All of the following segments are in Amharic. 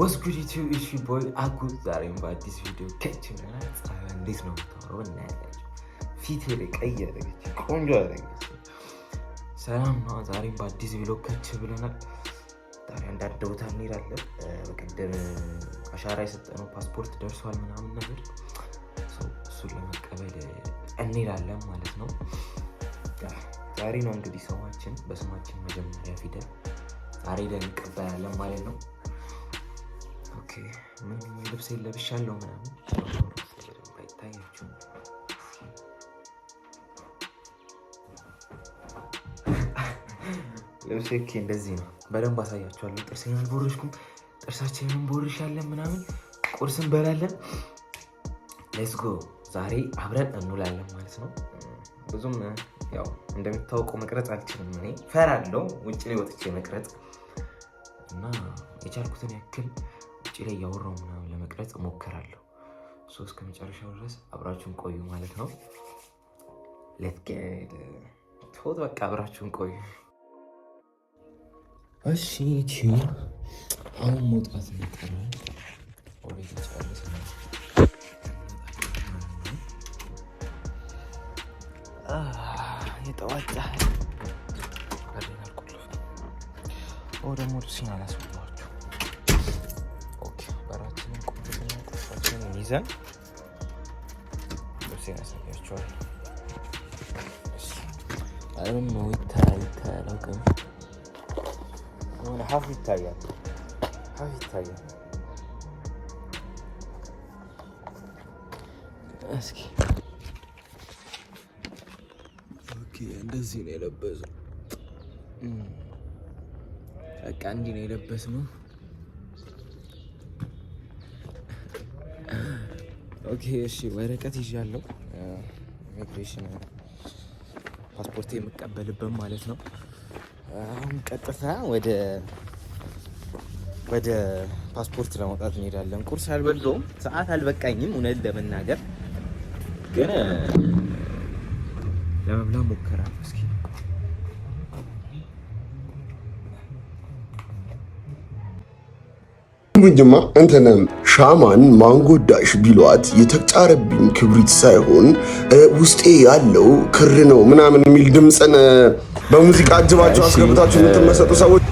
ወስ ጉድ እሺ ቦይ አጉት ዛሬም በአዲስ ቪዲዮ ከች ብለና ፀሐይ እንዴት ነው የምታወራው? እናያላቸው። ፊቴ ላይ ቀይ ያደረገች ቆንጆ ያደረገች። ሰላም ነው። ዛሬም በአዲስ ቪዲዮ ከች ብለናል። ዛሬ አንዳንድ ቦታ እንሄዳለን። በቀደም አሻራ የሰጠነው ፓስፖርት ደርሷል ምናምን ነገር እሱን ለመቀበል እንሄዳለን ማለት ነው። ዛሬ ነው እንግዲህ ሰዋችን በስማችን መጀመሪያ ፊደል ዛሬ ደንቀበላለን ማለት ነው። ምን ልብስ የለብሻለሁ ምናምን አይታያችሁም። ልብሴ እኬ እንደዚህ ነው። በደንብ አሳያችኋለሁ። ጥርሴን አልቦረሽኩም፣ ጥርሳችንን እንቦርሻለን ምናምን፣ ቁርስ እንበላለን። ሌትስ ጎ ዛሬ አብረን እንውላለን ማለት ነው። ብዙም ያው እንደሚታወቀው መቅረጽ አልችልም እኔ እፈራለሁ፣ ውጭ ላይ ወጥቼ መቅረጽ እና የቻልኩትን ያክል ውጭ ላይ እያወራው ምናምን ለመቅረጽ እሞክራለሁ። ሶ እስከ መጨረሻው ድረስ አብራችሁን ቆዩ ማለት ነው። ለትገድ ቶት በቃ አብራችሁን ቆዩ። እሺ ዩቲዩብ አሁን መውጣት የሚቀረ ወዴት ጨርስ ነው የጠዋት ፀሐይ ወደ ሞዱሲን አላስ güzel. Göstereyim mesela biraz çoğu. Arabam half ithal Half bakın. Ask. hafif ithal yani. Hafif ithal yani. እስኪ ኦኬ እንደዚህ ነው የለበሱ በቃ እንዲህ ነው የለበስ ነው ኦኬ እሺ፣ ወረቀት ይዣለሁ ኢሚግሬሽን ፓስፖርት የምቀበልበት ማለት ነው። አሁን ቀጥታ ወደ ወደ ፓስፖርት ለማውጣት እንሄዳለን። ቁርስ አልበላሁም፣ ሰዓት አልበቃኝም። እውነት ለመናገር ግን ለመብላ ሞከራ እስኪ ጉንጅማ እንተነ ሻማን ማንጎዳሽ ቢሏት የተጫረብኝ ክብሪት ሳይሆን ውስጤ ያለው ክር ነው ምናምን የሚል ድምፅን በሙዚቃ አጅባችሁ አስገብታችሁ የምትመሰጡ ሰዎች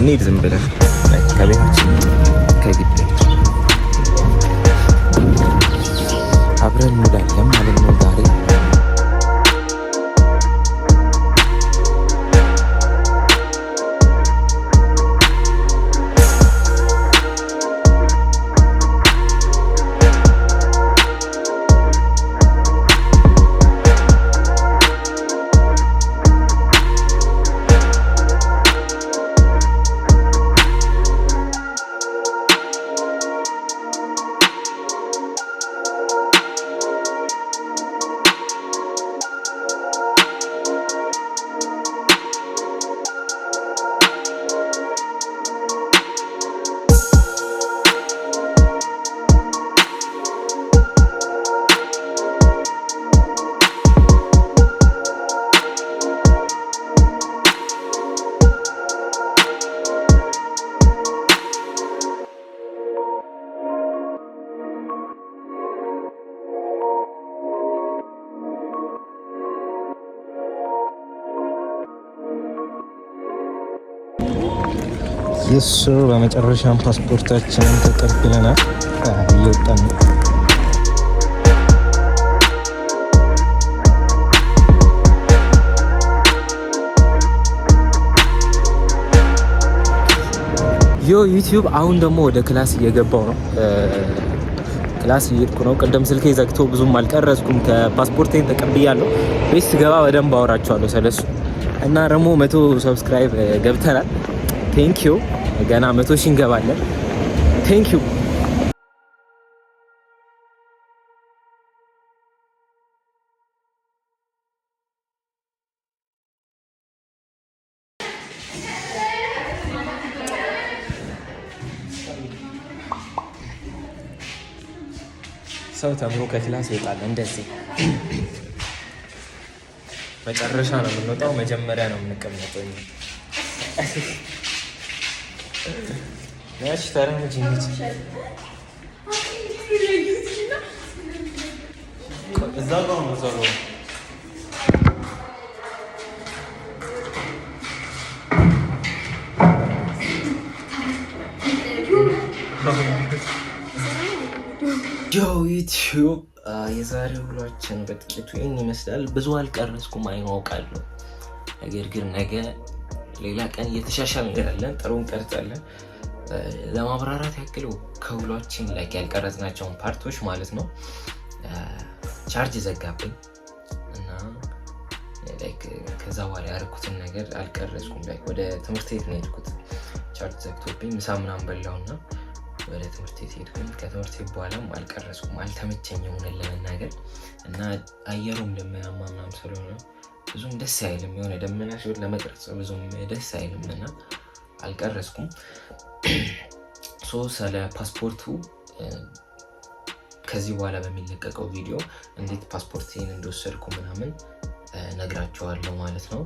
እንሂድ ዝም ብለን ከቤታችን ከግቢ አብረን የሱ በመጨረሻም ፓስፖርታችንን ተቀብለናል። እየወጣን ነው። ዮ ዩቲዩብ አሁን ደግሞ ወደ ክላስ እየገባው ነው። ክላስ እየሄድኩ ነው። ቅድም ስልኬ ዘግቶ ብዙም አልቀረጽኩም። ከፓስፖርቴን ተቀብያለሁ። ቤት ስገባ በደንብ አወራቸዋለሁ ስለሱ እና ደግሞ መቶ ሰብስክራይብ ገብተናል ዩ። ገና መቶ ሺህ እንገባለን። ዩ። ሰው ተምሮ ከክላስ ይወጣል። እንደዚህ መጨረሻ ነው የምንወጣው፣ መጀመሪያ ነው የምንቀመጠው። Я читарым жеңич. Забавно, забавно. ያው ዩቲዩብ የዛሬው ብሏችን በጥቂቱ ይህን ይመስላል። ብዙ አልቀረስኩም አይዋውቃለሁ ነገር ግን ነገ ሌላ ቀን እየተሻሻል እንገዳለን። ጥሩ እንቀርጻለን። ለማብራራት ያክል ከውሏችን ላይ ያልቀረጽናቸውን ፓርቶች ማለት ነው። ቻርጅ ዘጋብኝ እና ከዛ በኋላ ያደረኩትን ነገር አልቀረጽኩም። ላይ ወደ ትምህርት ቤት ነው የሄድኩት። ቻርጅ ዘግቶብኝ ምሳ ምናምን በላውና ወደ ትምህርት ቤት ሄድኩኝ። ከትምህርት ቤት በኋላም አልቀረጽኩም፣ አልተመቸኝ የሆነ ለመናገር እና አየሩም ደመናማ ምናምን ስለሆነ ብዙም ደስ አይልም። የሆነ ደመና ሲሆን ለመቅረጽ ብዙም ደስ አይልም እና አልቀረጽኩም። ሶ ስለ ፓስፖርቱ ከዚህ በኋላ በሚለቀቀው ቪዲዮ እንዴት ፓስፖርቴን እንደወሰድኩ ምናምን ነግራቸዋለሁ ማለት ነው።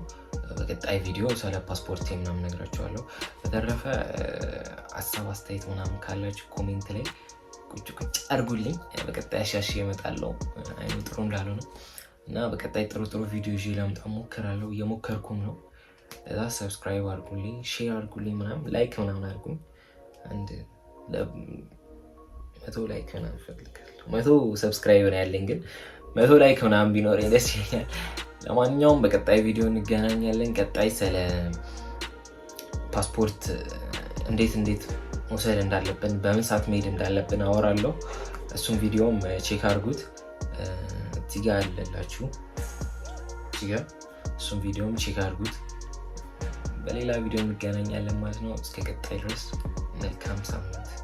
በቀጣይ ቪዲዮ ስለ ፓስፖርቴ ምናምን ነግራቸዋለሁ። በተረፈ ሀሳብ አስተያየት ምናምን ካላችሁ ኮሜንት ላይ ቁጭ ቁጭ አድርጉልኝ። በቀጣይ አሻሽ እመጣለሁ። አይኑ ጥሩ እንዳልሆነ እና በቀጣይ ጥሩ ጥሩ ቪዲዮ ይዤ ለምጣ ሞክራለሁ፣ እየሞከርኩም ነው። እዛ ሰብስክራይብ አድርጉልኝ፣ ሼር አድርጉልኝ፣ ምናምን ላይክ ምናምን አድርጉኝ። አንድ መቶ ላይክ ምናምን እፈልጋለሁ። መቶ ሰብስክራይብ ነው ያለኝ፣ ግን መቶ ላይክ ምናምን ቢኖር ደስ ይለኛል። ለማንኛውም በቀጣይ ቪዲዮ እንገናኛለን። ቀጣይ ስለ ፓስፖርት እንዴት እንዴት መውሰድ እንዳለብን በምን ሰዓት መሄድ እንዳለብን አወራለሁ። እሱም ቪዲዮም ቼክ አድርጉት። እዚህ ያለላችሁ አለላችሁ። እሱም ቪዲዮም ቼክ አድርጉት። በሌላ ቪዲዮ እንገናኛለን ማለት ነው። እስከ ቀጣይ ድረስ መልካም ሳምንት